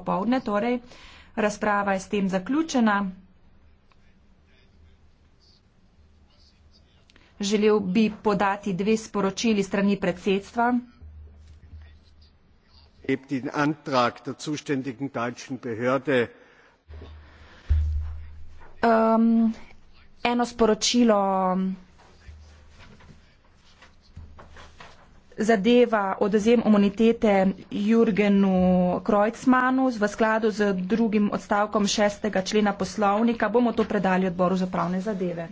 popovdne. Torej, razprava je s tem zaključena. Želel bi podati dve sporočili strani predsedstva. Um, eno sporočilo zadeva odozem imunitete Jurgenu Krojcmanu v skladu z drugim odstavkom šestega člena poslovnika, bomo to predali odboru za pravne zadeve.